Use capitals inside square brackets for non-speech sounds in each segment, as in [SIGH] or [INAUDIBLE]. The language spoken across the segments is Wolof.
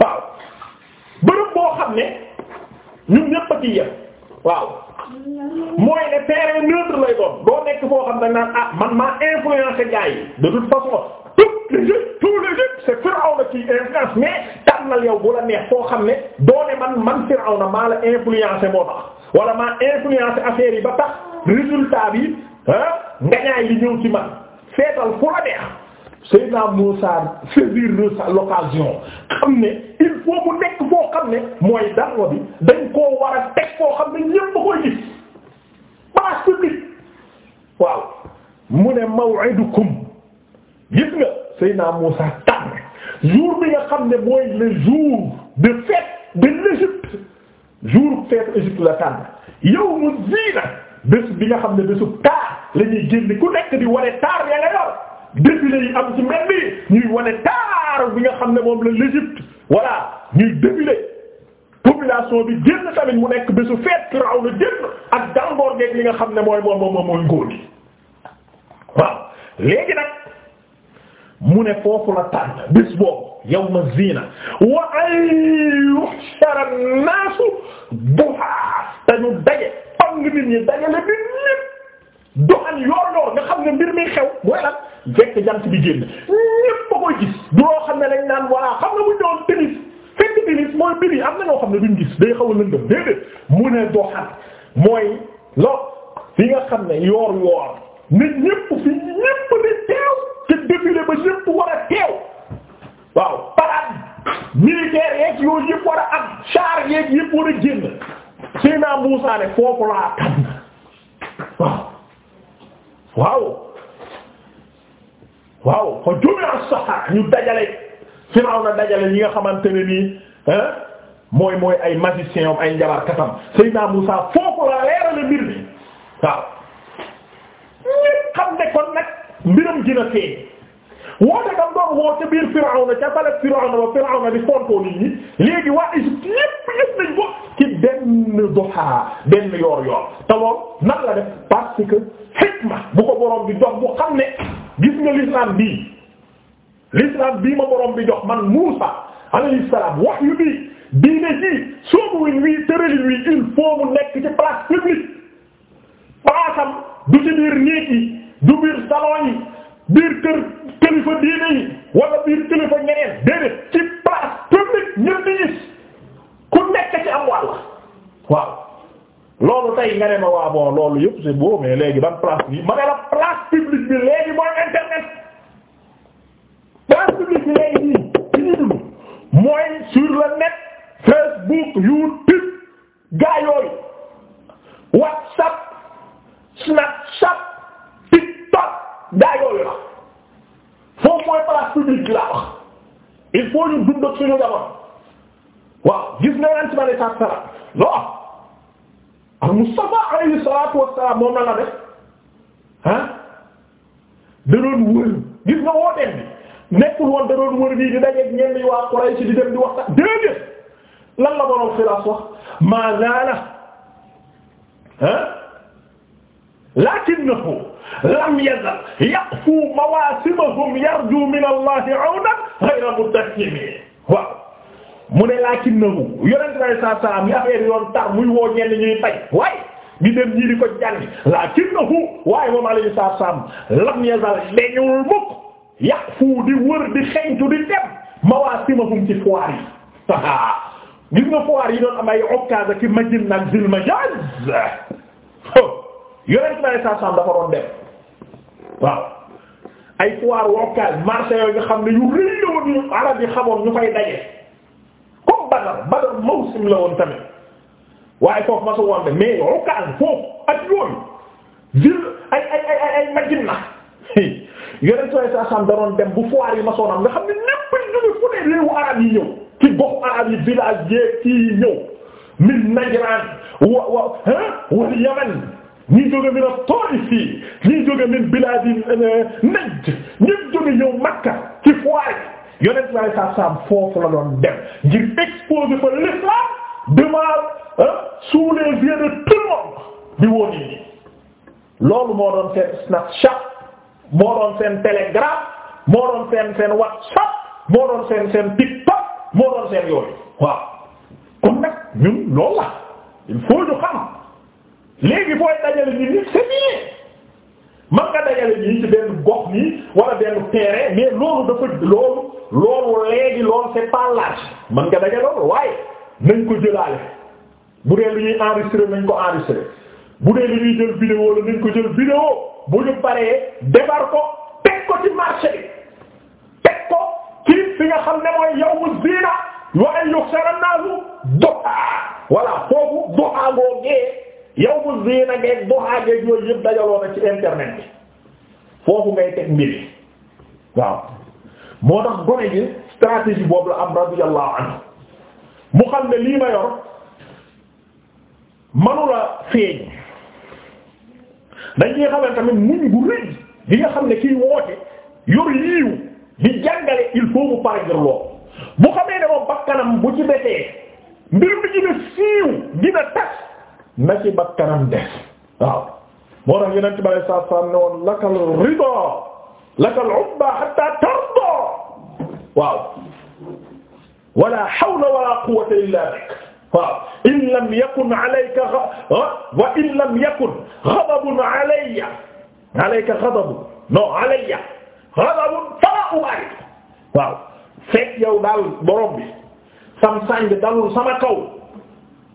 waaw bërëb boo xam ne ñun ñépp a ci yem waaw mooy ne terrain neutre lay doon doo nekk foo xam ne ah man maa influencé gars yi de toute façon toutes les yëpp tous les yëpp c'est Firawna qui influence mais tànnal yow bu la neex foo xam ne doole ne man man Firawna maa la influencé moo tax wala maa influencé affaire yi ba tax résultat bi ah ngañaay li ñëw ci man feetal fu la neex. Seydina Moussa saisir l'occasion xam ne il faut mu nekk foo xam ne mooy darwa bi dañ koo war a teg foo xam ne ñépp koy gis place publique waaw mu ne maw'idukum gis nga Seydina Moussa tànn jour bi nga xam ne mooy le jour de fête de l'Égypte jour fête Égypte la tànn yawmu zina bés bi nga xam ne bésu taar la ñuy génn ku nekk di waree taar ya nga yor. défilé yi am ci mbedd bi ñuy taar bi nga xam ne moom la l'Égypte voilà ñuy défilé population bi génn tamit mu nekk bésu feet firaw na génn ak dangoor geeg li nga xam ne mooy moom moom moon ngóor gi waaw nag mu ne foofu la tànn bés boobu yawma zina wa an yuhshara an-nasu duha te ñu daje pang nit ñi daje la nit ñépp doxal yoor-yoor nga xam ne mbir mi xew mooy lan fekk jant bi génn ñépp ba koy gis du loo xam ne dañ naan voilà xam nga bu ñu tennis fekk tennis mooy mbir yi am na ñoo xam ne duñ gis day xaw a lëndëm déedéet mu ne doxal mooy lo fi nga xam ne yoor-yoor ne ñépp fi ñépp di teew te défilé ba ñépp war a teew waaw parade militaire yeeg yooyu yépp war a am char yeeg yépp war a génn Seydina Muusaa foofu laa waaw waaw fa jumi as-saha ñu dajale Firawna dajale ñi nga xamante ne nii mooy mooy ay magicien am ay njabarkatam Seydina Musa foofu la leerale mbir mi waaw ñépp xam ne kon nag mbiram dina feeñ woote kam doon woo ca biir Firawna ca fale Firawna ba Firawna di fontoo nit ñi léegi waa Égypte yépp yépp nañ ko ci benn doxaa benn yoor yoor te loolu nag la def parce que hikma bu ko borom bi jox bu xam ne gis nga l'islam bii l'islam bii ma borom bi jox man Muusa alayhi salaam wahyu bii diine ji soobu win wii tëralin wii il faut nekk ci place publique du ci biir néeg yi du biir salon biir kër kilifa diine biir kilifa ñeneen déedéet ci place publique ñëpp di gis ku nekk ci am wàll waaw loolu tey nga ne ma waa bon loolu yëpp c'est beau mais léegi ban place bi ma ne la place publique bi léegi mooy internet place publique bi léegi nii ci ñu mooy sur le net Facebook YouTube gaa yooyu WhatsApp Snapchat. gaa yooyu la foofu mooy place publique laa wax il faut ñu dund ak suñu jamono waaw gis nga yan ci ma ne saa sara non al Mustafa alayhi salaatu wassalaam moom la la def ah da doon wër gis nga wooteem bi nekkul woon da doon wër bii di dajeeg ñenn yi waa Quraysh di dem di waxtaan déedéet lan la borom xilaas wax maanaam ah. lakinnahu lam yazal yaqfu mawasimahum yarju min allahi awnan ghayra mudahhimi waaw mu ne lakinnahu yonente bi alei saatu salaam yi affaire yoon tar muy woo ñenn ñuy tay waaye di dem ñii di ko jàngi lakinnahu waaye moom alayhi salaatu salaam lam yazal dañul mukk yaqfu di wër di xeeñtu di dem mawasimahum ci foire yi gis nga foire yi doon am ay okkaas ak majin nag zil majaz yonent bi saa saam dafa doon dem waaw ay foire locale marché yooyu nga xam ne yu rëy la woon ñu arab yi xamoon ñu fay daje comme Badar Badar mawsim la woon waaye foofu ma su woon de mais locale foofu ak yooyu ville ay ay [LAUGHS] saa saam da doon dem bu foire yi ma soonam nga xam ne ñépp jóge fu ne réewu arab yi ñëw ci gox arab yi village yi yi ñëw min Najran wa wa ha wal Yaman ñi jóge min at-Taif eh, ñi jóge min bilaadi Najd ñëpp jóge ñëw Makka ci foofu la doon dem ngir exposer fa l'islam devant eh, sous les yeux di woon yi loolu moo doon seen Snapchat moo doon seen Telegram moo doon seen seen WhatsApp moo doon seen seen TikTok moo doon seen yooyu waaw kon ñun loolu la il faut ñu xam léegi booy dajale nit ñi c'est fini man nga dajale nit ñi ci gox nii wala benn terrain mais loolu dafa loolu loolu léegi loolu c'est pas large man nga dajale loolu waaye nañ ko jëlaale bu dee lu ñuy enregistrer nañ ko enregistrer bu dee lu ñuy jël vidéo la nañ ko jël vidéo bu ñu paree defar ko teg ko ci marché bi teg ko ci fi nga xam ne mooy yawmu ziina wa an yuhshara an-naasu duhaa voilà foofu duhaa googee yow mu ziina ngeeg doxaa ngeeg yooyu yëpp dajaloo na ci internet bi foofu ngay teg mbir waaw moo tax gone gi stratégie boobu la am radiyallahu anhu mu xam ne lii ma yor manula feeñ dañ ciy xamal tamit muñ gu rëy di nga xam ne fii woote yor yiiw di jàngale il faut pare ngir lool bu xamee ne moom bakkanam bu ci betee mbir mi dina siiw dina tas na ci bakkanam des waaw moo tax yonent bi alayhi salaatu salaam ne woon lakal rida lakal ubba hatta tarda waaw wala hawla wala quwwata illa bik waaw in lam yakun alayka wa in lam yakun ghadabun alayya alayka ghadabun non alayya ghadabun fala ubaali waaw fekk yow daal borom bi sam sàng dalul sama kaw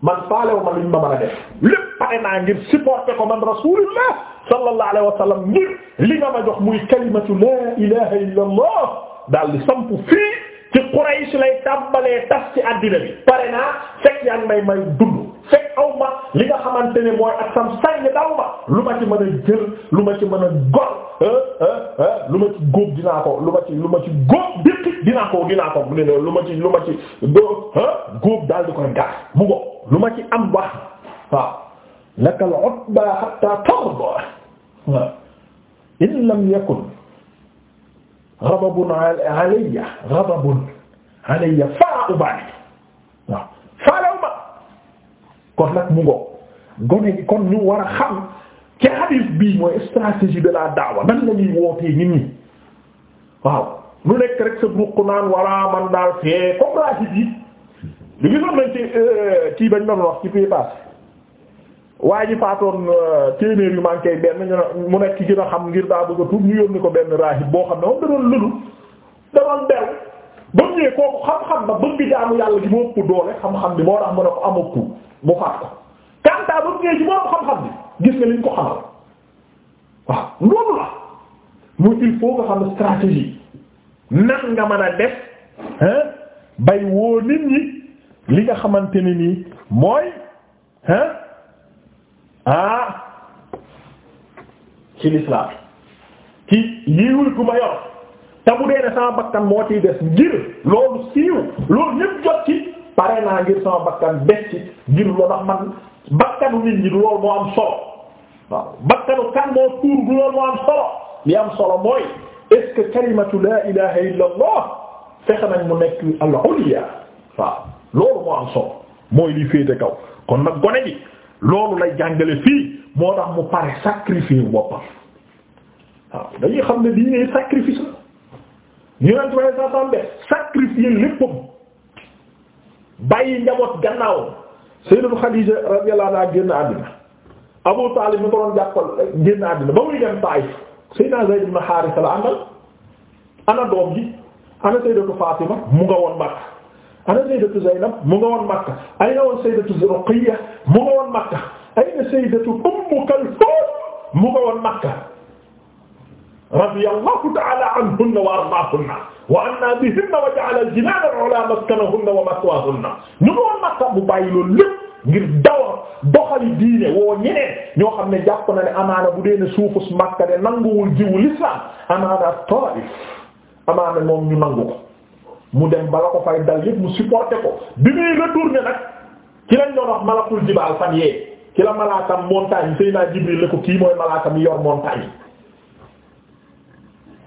man faalewu ma liñ ma mën a def lépp pare naa ngir supporter ko man rasulullah sallallahu alayhi wa sallam ngir li nga ma jox muy kalimatu la ilaha illa allah daal di samp fii ci Quraysh lay tàmbalee tas ci àddina bi pare naa fekk yaa ngi may may dund fekk aw ma li nga xamante ne mooy ak sam sañ daw ma lu ma ci mën a jël lu ma ci mën a gor euh, euh, euh, lu ma ci góob dinaa ko lu ma ci lu ma ci góob déqi dinaa ko dinaa ko mu ne loolu lu ma ci lu ma ci doo góob daal di koy gar mu ngo lu ma ci am wax waaw laka al utba hatta tarda waaw in lam yakun ghadabun alayya ghadabun alayya fa ubaali waaw kon nag mu ngo gone kon ñu war a xam ci hadis bii mooy stratégie de la daawa nan la ñuy wootee nit ñi waaw lu nekk rek sa ruq naan wala man daal fee comme laa ci ji lu gisoon nañ ci euh, kii bañ ci ji faatoon euh, téeméer yu manqué benn mu nekk ci gën a xam ngir daa bëgg tuub ñu yónni ko benn raahib boo xam ne moom da doon lëlu da doon beew ba kooku xam-xam ba bëgg jaamu yàlla gi moo ëpp doole xam-xam bi moo tax mu ne ko am mu faat ko kantaa ba mu ci xam-xam bi gis nga liñ ko xamal waaw loolu la muy il faut nga xam stratégie nan nga mën a def hein bay woo nit ñi li nga xamante ne nii mooy hein ah ci lislaam ci yiwul gu ma yor te bu dee ne sama bakkan moo ciy des ngir loolu siiw loolu ñépp jot ci pare naa ngir sama bakkan bes ci ngir loolu ndax man bakkanu nit ñi du loolu moo am solo bakkanu kan moo tuur du loolu moo am solo li am solo mooy est-ce la ilaha illa allah fexe nañ mu nekk al-ulya waaw loolu moo am solo mooy li féete kaw kon nag gone gi loolu lay jàngale fii moo tax mu pare sacrifice boppam waaw dañuy xam ne diine sacrifice la ñu naan ci wàllu bàyyi njaboot gannaawam Sayyidatu Xadiija radiyallahu anha génn àddina Abu Taalib mi ko doon jàppal eh, génn àddina ba muy dem Taayif Sayyidina Zayd ibn Haarisa la àndal ana doom ji ana Sayyidatu Faatima mu nga woon Makka ana Sayyidatu Zaynab mu nga woon Makka ay na woon Sayyidatu Ruqayya mu nga woon Makka ay na Sayyidatu Ummu Kalsuum mu nga woon Makka radiyallahu ta'ala anhunna wa ardaahunna wa anna bihinna wa ja'ala al-jinana al-ula maskanahunna wa maswahunna ñu ngi woon Makka bu bàyyi loolu lépp ngir dawa doxali diine woo ñeneen ñoo xam ne jàpp na ne amaana bu dee ne suufus Makka de nanguwul jiwu l'islam amaana Taif amaana moom ñu nangu ko mu dem bala ko fay dal yépp mu supporté ko bi muy retourné nag ci lañ doon wax malakul jibaal fan yee ci la malaakam montagne Seydina Jibril la ko kii mooy malaakam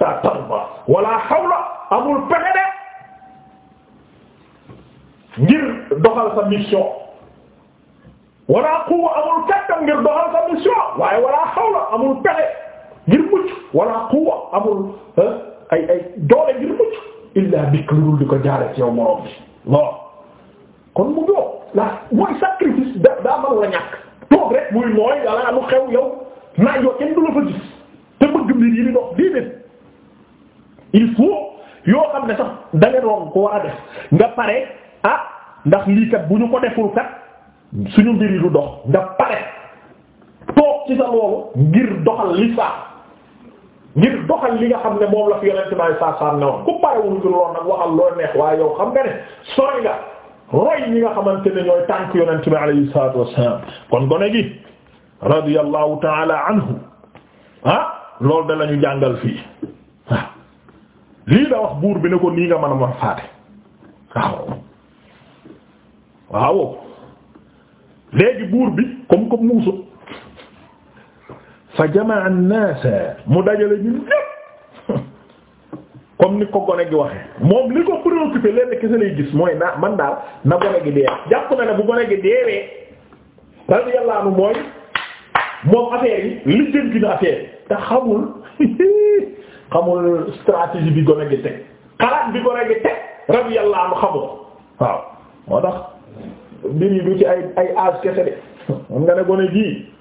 hatta tarda wala hawla amul pexe ngir doxal sa wala quwwa amul kattan ngir doxal wala hawla amul pexe ngir mucc illa bik lu dul ko jaar ci yow moroom bi kon mu jox la mooy sacrifice da daa mën toog rek muy nooy wala lu xew yow naa kenn du la fa te bëgg mbir yi di dox il faut yoo xam ne sax da nga ko war def nga pare ah ndax lii kat bu ñu ko deful kat suñu mbir du dox nga pare toog ci sa loolu ngir doxal li sax ngir doxal li nga xam ne moom la fi yonent bi saa saa ne woon ku pare wuñu lool nag waxal loo neex waaye yow xam nga ne sori nga roy ñi nga xamante ne ñooy tànk yonent bi alayhi salaatu wassalaam kon gone gi radiyallahu ta'ala anhu ah loolu da lañu jàngal fii. lii la wax buur bi ne ko nii nga mën a ma faate waaw waaw léegi buur bi comme kom muusa fa jamaa an-naas mu dajale ñun ñépp comme ni ko gone gi waxe moom li ko préoccupé leen kese lay gis mooy na man daal na gone gi dee jàpp ne bu gone gi deewee radiyallahu mooy moom affaire yi li jënti na affaire yi xamul stratégie bi gone gi teg bi gone gi teg radiyallahu anhu xamul waaw moo tax yi du ci ay ay âge kese de mun gone gii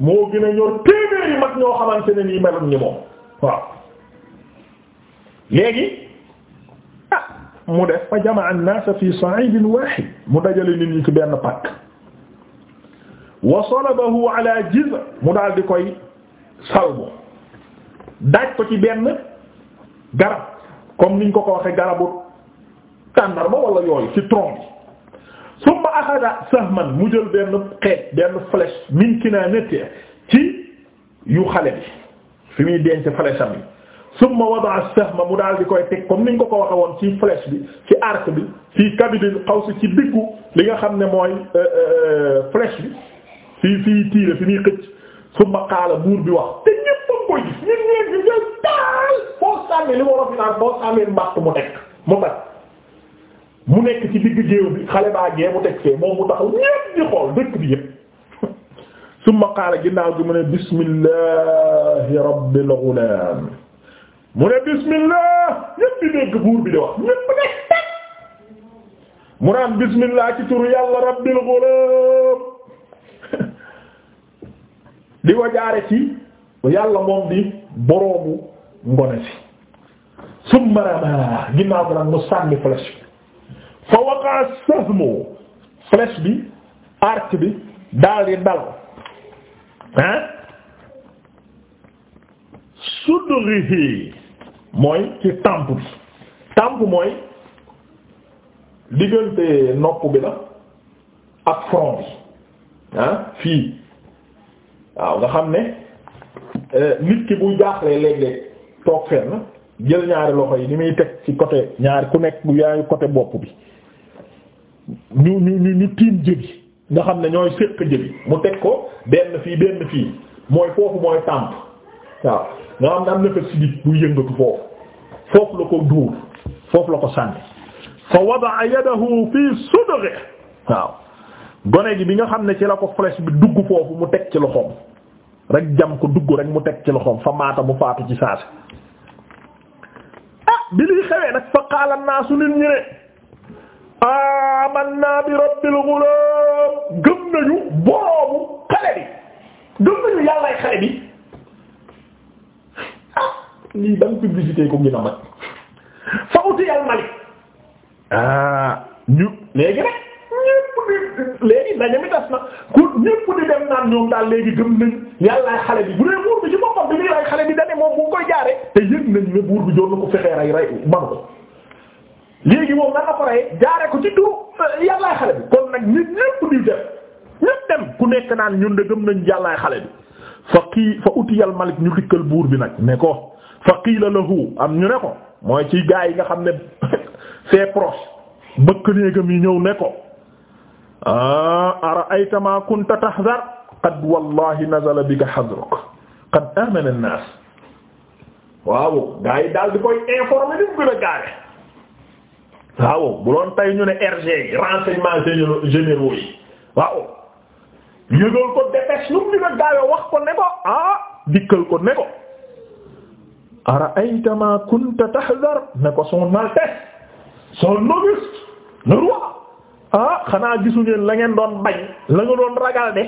moo gën a ñor téeméer yi mag ñoo xamante ne nii melum ni moom waaw ah, mu def fa jamaa an-nas fi sa'idin wahid mu dajale ni ñi ci benn pàkk wa salabahu mu daal di koy salbu daaj ko ci benn garab comme niñ ko ko waxee garabu tàndarma wala yooyu ci tronc bi summa axada man mu jël benn xeet benn flèche min kinaanati ci yu xale bi fi muy denc flèche am yi summa wada'a ma mu daal di koy teg comme niñ ko ko waxee woon ci flèche bi ci arc bi fii kabidil xaws ci diggu li nga xam ne mooy euh, euh, flèche bi fii fii tiire fi muy xëcc summa qaala buur bi wax te ñépp koy gis sànni li wolof yi naan boo sànnee mbàtt mu nekk mu tag mu ci digg géew bi teg mu taxaw ñépp di xool dëkk bi yépp [LAUGHS] summa qaala ginnaaw gi mu ne bismillahi rabbil ghulam mu ne bismillah ñépp di dégg buur bi di wax ñépp ne teg mu naan bismillah ci turu yàlla rabbil ghulam [LAUGHS] di wajaare ci yàlla moom di boroomu ngone si summa ramaa ginnaaw bi nag mu sànni flèche bi fa waqa'a sahmu bi arc bi daal di dal ah sudrihi mooy ci temp bi temp mooy diggante nopp bi la ak front bi fii waaw nga xam ne eh, nit ki bu jaaxlee léeg-léeg toog fenn jël ñaari loxo yi ni muy teg ci côté ñaari ku nekk bu yaay côté bopp bi ñu ñu ñu ñu tiim jëbi nga xam ne ñooy séq jëbi mu teg ko benn fii benn fii mooy foofu mooy tàmp waaw nga xam ne am na fa sidit buy yëngatu foofu foofu la ko duur foofu la ko sànni fa wada'a yadahu fii sudghi waaw gone gi bi nga xam ne ci la ko flèche bi dugg foofu mu teg ci loxoom rek jam ko dugg rek mu teg ci loxoom fa maata mu faatu ci saasa bi liy xewee nag fa qaala naasu nit ñi ne amanna bi rabbil ghulam gëm nañu borobu xale bi gëm nañu yàllaay xale bi ah lii ban publicité ko gën a fa uti al malik ah ñu léegi nag ñépp di léegi dañu mi tas na ku ñépp di dem naan ñoom daal léegi gëm nañu yàllaay xale bi bu dee buur bi ci boppam bi muy rey xale bi dane moom bu ngi koy jaare te yëg nañ ne buur bi joon na ko fexee rey rey manu ko léegi moom nan apareye jaare ko ci tur euh, yàllaay xale bi kon nag nit ñépp di nekk naan nañ yàllaay xale bi fa ñu dikkal buur bi nag ne ko fa qiila lahu am ñu ne ko mooy ci gaa yi nga xam ne [LAUGHS] c'est proche bëkk néegam yi ñëw ne ko ah, ara aytama kunta tahzar qad wallahi nazala bika hadruk qad amana an-nas waaw daal di koy informer di mu gën a bu doon tey ñu ne RG yi renseignements généraux yi waaw yëgal ko dépêche nu mu gën a wax ko ne ko ah dikkal ko ne ko ara'ayta ma kunta tahdhar ne ko son Altesse son Auguste le roi ah xanaa gisu ngeen la ngeen doon bañ la nga doon ragal de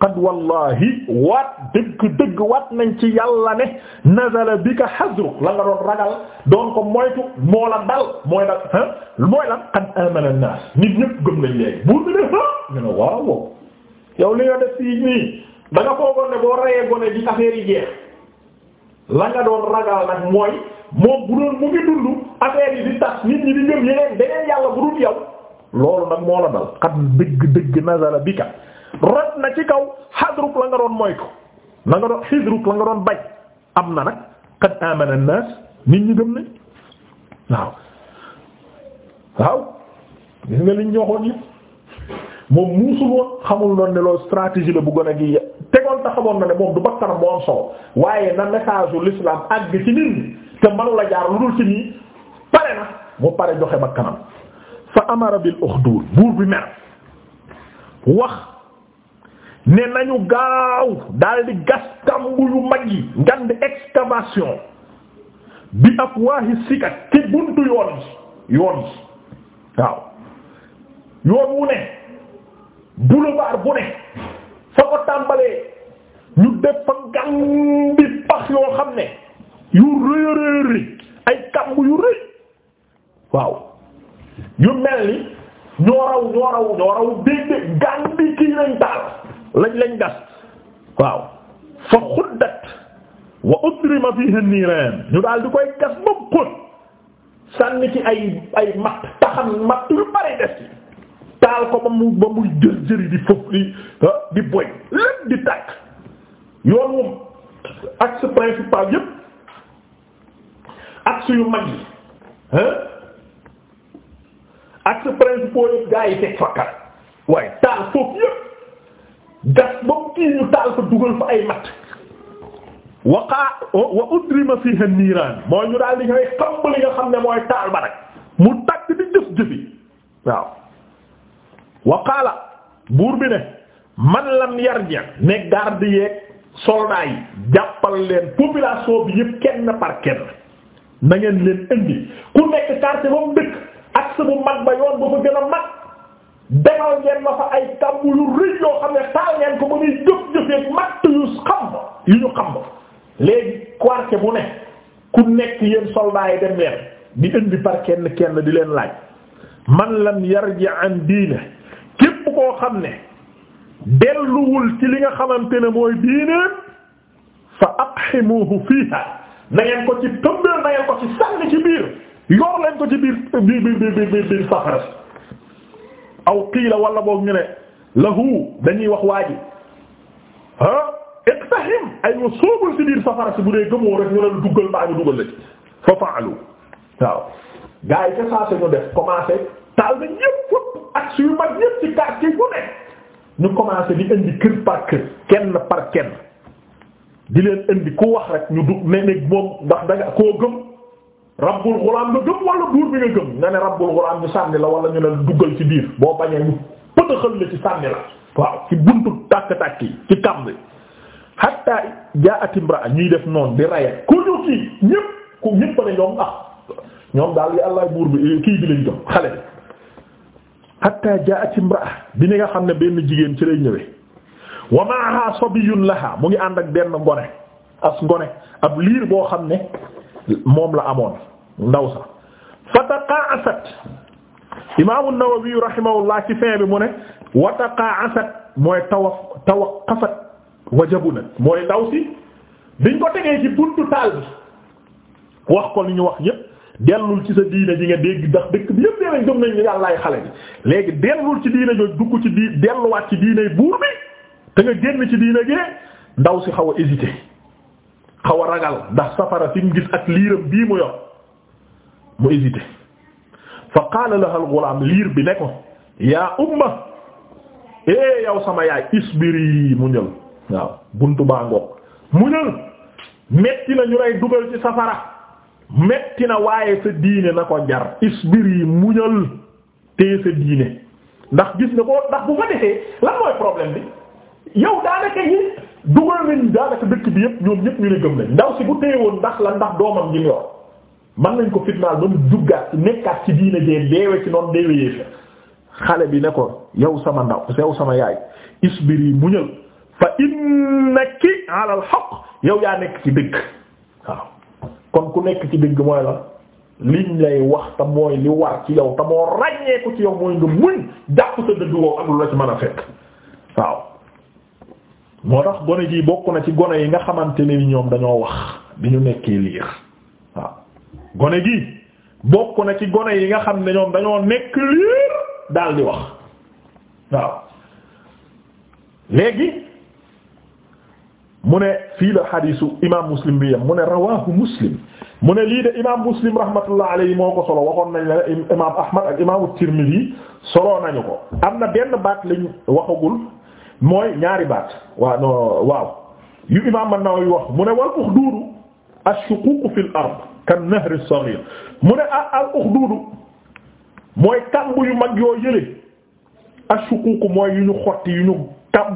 qad wallahi waat dëgg dëgg waat nañ ci yàlla ne nazala bika hazruk la nga doon ragal doon ko moytu moo la dal mooy la ah mooy la qad amana an nit ñëpp gëm nañ léegi buur bi ne ah ñu ne waaw yow li nga def fii nii da nga foogoon boo rayee gone di affaire yi jeex la nga doon ragal nag mooy moom bu doon mu ngi dund affaire di tax nit ñi di ngëm yeneen beneen yàlla bu dul yow loolu nag moo la dal qad dëgg dëgg nazala bika rot na ci kaw xadruk la nga doon moytu la nga doon xidruk la nga doon bañ am na nag qad amana an-nas nit ñi gëm nañ waaw waaw gis nga liñ ñoxoon yi moom muusul woon xamul noonu ne stratégie la bu gën a gi tegoon ta xamoon na ne moom du bakkanam moo am solo waaye na message u l'islam àgg ci nit ñi te manu la jaar lu dul ci nii pare na mu pare joxe bakkanam fa amara bil uxdud buur bi mer wax ne nañu gaaw daal di gas kàmb yu mag yi ngand excavation bi ak waaxi sikat ci buntu yoon yi yoon waaw yoon wu ne boulevard bu ne fa ko tàmbalee ñu def fa ngan bi pax yoo xam ne yu rëy ay kàmb yu rëy waaw yu mel ni ñoo raw ñoo raw ñoo raw dégg gàn bi kii nañ taal lañ lañ gas waaw fa xuddat wa udrima fiha niiraan ñu daal di koy gas ba mu xóot sànni ci ay ay matt taxan matt yu bari des taal ko ba mu ba muy jër jëri di foofu di ah, di boy lépp di tàkk yoon moom principal yépp axe yu mag yi axe principal yépp gaa yi teg fakkar waaye taal foofu yépp gas ba mu kii ñu taal fa dugal fa ay matt waqaa wa udrima fiha niiraan mooy ñu daal di ñooy xamb li nga xam ne mooy taal ba nag mu tàkk di jëf jëfi waaw waqaala buur bi ne man lam yarji ne garde yeeg soldats jàppal leen population bi yëpp kenn par kenn na leen indi ku nekk quartier ba mu dëkk ak bu mag ba yoon ba fa gën a mag defal ngeen ma fa ay kàmb yu rëy yoo xam ne taal ngeen ko ba muy jëf jëfee matt yu xam yu ñu xam léegi quartier bu ne ku nekk yéen soldats yi dem leen di indi par kenn kenn di leen laaj man lam yarji an diine képp koo xam ne delluwul ci li nga xamante ne mooy diine fa aqximuhu fiiha na ngeen ko ci tëmbeel na ko ci sànni ci biir yor leen ko ci biir biir biir biir biir aw qiila wala boog ñu ne lahu dañuy wax waa ji ah iqtahim ay wa soobal ci biir safara si bu dee gëmoo rek ñu la duggal mbaa ñu dugal la ci fa faalu waaw gars yi ca ñu def commencé taal na ñëpp fëpp ak suñu mag ñëpp ci quartier bu ne ñu commencé di indi kër par kër kenn par kenn di leen indi ku wax rek ñu dug ne ne moom ndax danga koo gëm rabbul ghulam nga gëm wala buur bi nga gëm nga ne rabbul ghulam ñu sànni la wala ñu ne duggal ci biir boo bañee ñu pëtaxal la ci sànni la waaw ci buntu tàkk-tàkk yi ci kam bi hatta jaa'at imra'a ñuy def noon di rayet ku ñu kii ñëpp ku ne ñoom ah ñoom daal yi bi lañ gëm xale bi hatta nga xam ne benn jigéen ci lay ñëwee wa ma'aha sabiyyun mu ngi ànd ak benn ngone as ngone ab liir boo xam ne moom la amoon ndaw sa fataqaasat imaamu Nawawi rahimahullah ci fin bi mu ne wa taqaasat mooy tawa tawaqafat wajabunat mooy ndaw si biñ ko tegee ci buntu taal bi wax ko li ñu wax yépp dellul ci sa diine ji nga dégg ndax dëkk bi yépp deenañ gëm nañ ni yàllaay xale bi léegi dellul ci diine jooju dugg ci di delluwaat ci diiney buur bi te nga génn ci diine gi ndaw si xaw a hésité xaw a ragal ndax safara si gis ak liiram bii mu yor mu hésité fa qaala laha al-ghulaam liir bi ne ko yaa umma eh yow sama yaay isbiri mu waaw buntu baa ngoog mu metti na ñu lay dugal ci safara metti na waaye sa diine na ko jar isbiri mu te sa diine ndax gis nga ko ndax bu fa defee lan mooy problème bi yow daanaka yi dugal nañ daanaka dëkk bi yëpp ñoom ñëpp ñu ne gëm nañ ndaw si bu téyewoon ndax la ndax doomam gi yor mën nañ ko fitnaal ba mu duggaat ci nekkaat ci diine jee deewe ci noonu deewe yéefe xale bi ne ko yow sama ndaw yow sama yaay isbiri muñal fa innaki ala al haqq yow yaa nekk ci dëgg waaw kon ku nekk ci dëgg mooy la liñ lay wax te mooy li war ci yow te moo ràññeeku ci yow mooy nga muñ jàpp sa dëgg wow ak la ci mën a fekk waaw moo tax gone jii bokk na ci gone yi nga xamante ni ñoom dañoo wax bi ñu nekkee liir waaw gone gi bokk na ci gone yi nga xam ne ñoom dañoo nekk liir daal di wax waaw léegi mu ne fii la xadiisu imaam muslim bi yam mu ne rawaahu muslim mu ne lii de imaam muslim rahmatullah alayhi moo ko solo waxoon nañ la imaam ahmad ak imaamu tirmidhi solo nañu ko am na benn baat lañ waxagul mooy ñaari baat waa no waaw yu imam an-Nawawi wax mu ne wal uxduudu ash-shuquuq fil ard kan mu ne al uxduudu yu mag yoo yële ash-shuquuq mooy yu xotti yu ñu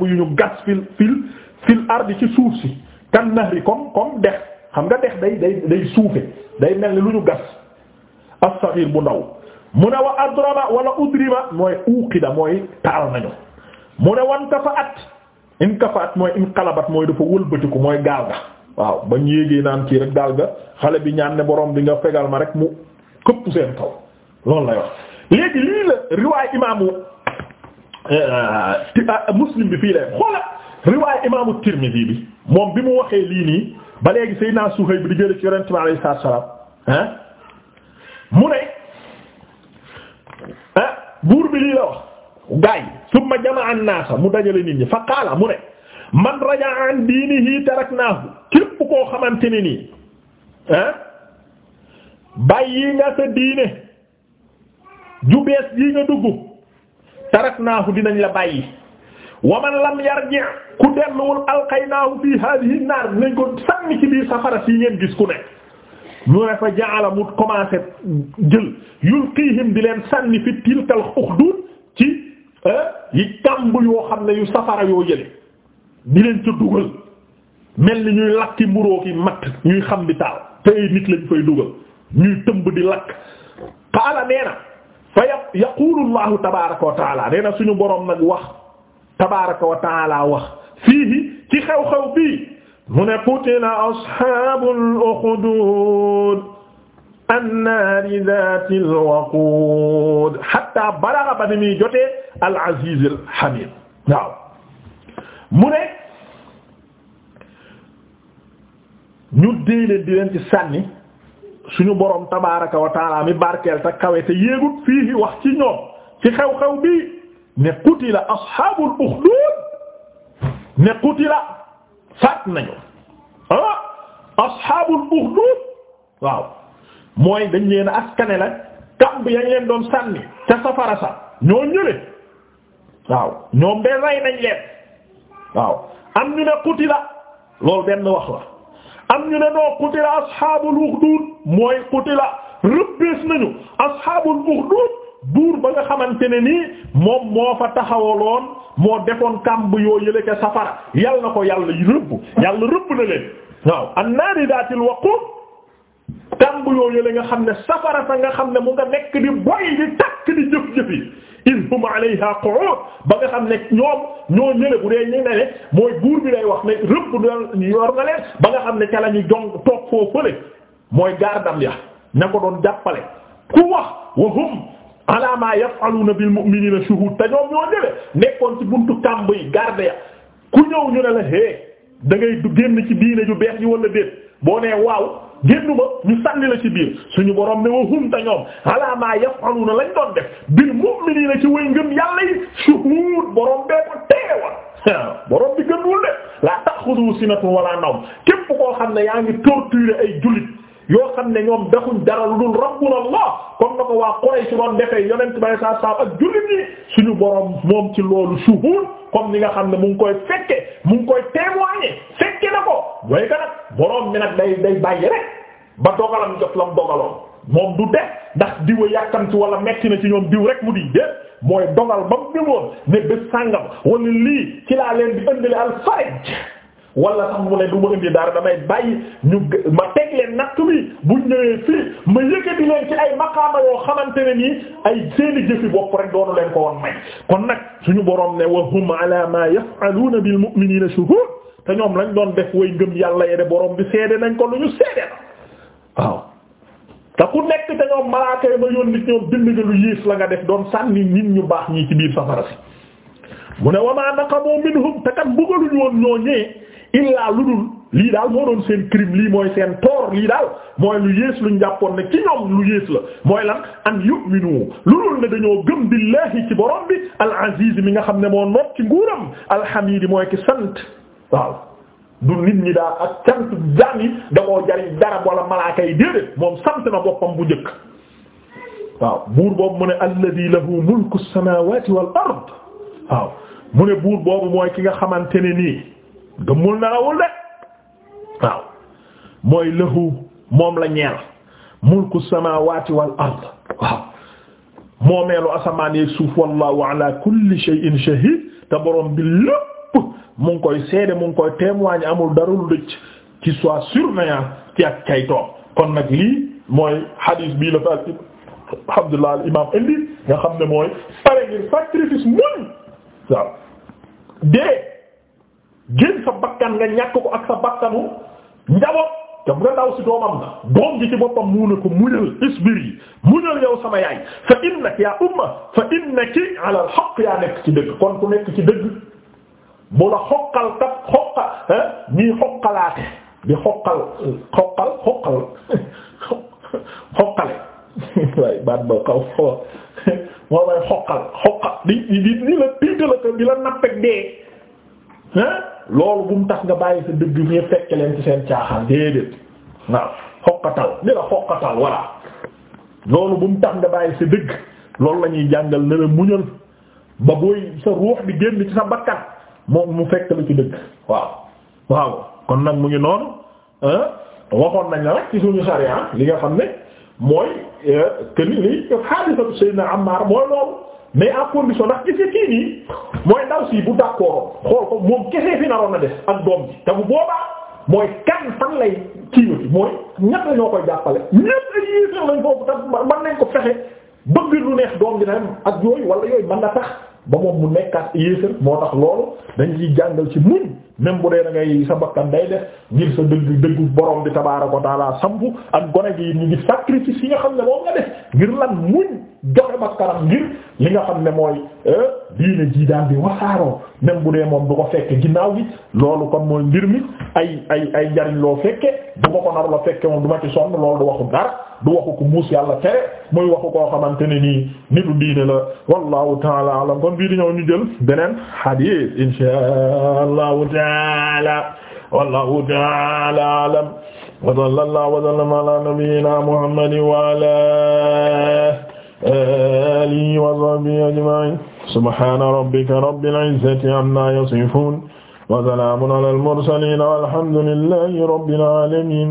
yu ñu gas fil fil fil ard ci suuf si kan nahri comme comme dex xam nga dex day day suufe day mel ni lu ñu gas as-saghir bu ndaw mu ne wa adraba wala udrima mooy uqida mooy taal nañu mu ne wan kafaat in kafaat mooy in xalabat mooy dafa wëlbatiku mooy gaal ga waaw bañ yéegee naan kii rek gaal ga xale bi ñaan ne borom bi nga fegal ma rek mu këpp seen kaw loolu la wax léegi lii la riwaay imaamu eh, eh, eh, muslim bi fii lay xoola riwaay imaamu tirmidhi bi moom bi mu waxee lii nii ba léegi Seydina Suhayb bi di jële ci yonent bi alayhi salaatu salaam ah, mu ne buur bi lii la wax gaa yi summa jamaa an mu dajale nit ñi fa qaala mu ne man rajaa an diinihi taraknaahu képp koo xamante ne nii ah bàyyi nga sa diine ju bees jii nga dugg taraknaahu dinañ la bàyyi wa man lam yarji ku delluwul alqaynaahu fii haadihi naar dinañ ko sànni ci biir safara si ngeen gis ku ne mu ne fa jaala mu commencé jël yulqiihim di leen sànni fi tilkal uxduud ci yi kàmb yoo xam ne yu safara yoo yële di leen ca dugal mel ni ñuy lakki mburoo ki matt ñuy xam di taal te nit lañ fay dugal ñuy tëmb di lakk qaala nee na fa yaqulu allahu tabaraka wa taala nee na suñu boroom nag wax tabaraka wa taala wax fiihi ci xew-xew bii mu ne qutila ashabul uxdud annaari daati alwaquud hatta balaga ba ni muy jotee al aziz al hamid waaw mu ne ñu déy di leen ci sànni suñu boroom tabaaraka wa taala mi barkeel te kawe te yéegut fii wax ci ñoom ci xew-xew bi ne qutila ashaabul uxduud ne qutila faat nañu ah ashaabul uxduud waaw mooy dañ leen askane la kàmb yañ leen doon sànni ca safara sa ñoo ñële waaw ñoom de rey nañ leen waaw am ñu ne qutila loolu benn wax la am ñu ne noo qutila ashaabul uxduud mooy qutila rëbbees nañu ashaabul uxduud buur ba nga xamante ne nii moom moo fa taxawaloon moo defoon kàmb yoo yële ca safara yal na ko yàlla rëbb yàlla rëbb na leen waaw annaari daatil waquud tàmb yooyu la nga xam ne safara sa nga xam ne mu nga nekk di boy di takk di jëf-jëf yi in hum alayha ba nga xam ne ñoom ñoo ñële bu dee ñu ne ne mooy buur bi lay wax ne rëbb yor nga leen ba nga xam ne ca la ñu jong toog foo fële mooy gardam ya na ko doon jàppale ku wax wa hum ala ma yaf'aluna bi mu'minina shuhud te ñoom ñoo ñële nekkoon ci buntu kàmb yi garde ya ku ñëw ñu ne la hé da ngay du génn ci diine ju beex yi wala déet boo nee waaw génnuma ñu sànni la ci biir suñu borom ne wa hum ta ñoom ala ma yaf'aluna lañ doon def bil mu'minina ci way ngëm yàlla yi shuhud borom bee ko teewa [LAUGHS] borom bi gënul de la ta'khudhu sinatun wala nawm képp koo xam ne yaa ngi torturer ay jullit yoo xam ne ñoom daxuñ dara lu dul rabbul comme na ko waa si doon defee yonent bay saa saa ak jullit ñi suñu borom moom ci loolu shuhud comme ni nga xam ne mu ngi koy fekke mu ngi koy témoigner fekke na ko booy ka nag borom mi nag day day bàyyi rek ba dogalam jot lam dogaloon moom du def ndax diwa yàkkamti wala metti na ci ñoom diw rek mu di def mooy dogal ba mu ñëwoon ne bés sàngam wala lii ci laa leen di ëndale al wala sax mu ne du ma indi dara damay bàyyi ñu ma teg leen natt bi bu ñëwee fii ma yëkkati leen ci ay maqaama yoo xamante ne nii ay seeni jëfi bopp rek doonu leen ko won may kon nag suñu boroom ne wa hum ala ma yaf'aluna bil mu'minina te ñoom lañ doon def way ngëm yàlla yede borom bi seede nañ ko lu ñu seede te ku nekk te ñoom malaaka yi ma yónni nit ñoom bind nga lu yiis la nga def doon sànni nit ñu baax ñii ci biir safara si mu ne wa ma naqamu minhum te kat bëggaluñu woon ñooñee illaa lu dul lii daal moo doon seen crime lii mooy seen tort lii daal mooy lu yées luñ jàppoon ne ci ñoom lu yées la mooy lan an yu'minu lu dul ne dañoo gëm billaahi ci borom bi al-aziz mi nga xam ne moo noot ci nguuram alhamid mooy ki sant waaw du nit ñi daa ak sant jaam yi da koo jariñ dara wala malaaka yi moom sant na boppam bu njëkk waaw buur boobu mu ne alladhi lahu mulku as-samawati waaw mu ne buur boobu mooy ki nga xamante ne nii gëmmul nelawul de waaw mooy lëhu moom la ñeel mulku samawati wal ard waaw moomeelu asamaan yeeg suuf wallahu ala kulli shay'in mu ngi koy seede mu ngi koy amul dara lu dëcc ci soit surveillant ci ak kay toog kon nag lii mooy hadis bii la fa alhamdulilah al imam indi nga xam ne mooy pare ngir sacrifice mun dee génn sa bakkan nga ñàkk ko ak sa bakkanu njaboot te nga ndaw si doomam na doom ji ci boppam mu ne ko muñal isbiri muñal yow sama yaay fa innaki yaa umma fa innaki ala al haqq yaa nekk ci dëgg kon ku nekk ci dëgg bu la xoqal kat xoqa eh, ñii xoqalaate di xoqal xoqal xoqal [LAUGHS] xoqale [LAUGHS] waaye baat ba xaw moo may xoqal xoqa di di di la tiitala ko di la nappeg dee hein eh? loolu bu mu tax nga bàyyi sa dëgg ñu fekk leen ci seen caaxaan déedéet waaw xoqatal ni la xoqatal voilà loolu bu mu tax nga bàyyi sa dëgg loolu la ñuy jàngal ne la muñal ba booy sa ruux bi génn ci sa bakkan moom mu fekk la ci dëgg waaw waaw kon nag mu ngi noonu waxoon nañ la rek ci suñu sariya li nga xam ne mooy euh, que ni li xaalisatu Seydina Ammar mooy loolu mais à condition ndax gis nga kii nii mooy ndaw si bu d'accord xool ko moom kese fi naroon na des ak doom ji te bu boobaa mooy kan fan lay kiiwati mooy ñett la ñoo koy jàppale ñett ay yéesal lañ foofu te mën nañ ko fexe bëgg lu neex doom ji na ak yooyu wala yooyu mën na tax. ba moom mu nekkaat yéefar moo tax loolu dañ ciy jàngal ci muñ même bu dee da ngay sa bakkan day def ngir sa dëgg dëggu borom bi tabaaraka wa taala samp ak gone gi ñu ngi sacrifice yi nga xam ne moom ngir lan muñ joxe bakkanam li nga xam ne mooy euh, diine ji daal di wasaaroo même bu dee moom du ko fekke ginnaaw gi loolu kon mooy ngir mi ay ay ay njariñ loo fekke bu ma ko nar la fekke moom du ma ci sonn loolu du dara du waxu ko muus yàlla tere muy waxu koo xamante ne nii nitu diine la wallahu taala alam kon bii di ñëw ñu jël beneen hadith inshaa allahu taala wallahu taala alam wa sallallahu wa sallama ala nabiyyina muhammadin wa ala alihi wa sahbihi ajma'in subhana rabbika rabbil izzati amma yasifun wa salamun ala al mursalin walhamdulillahi rabbil alamin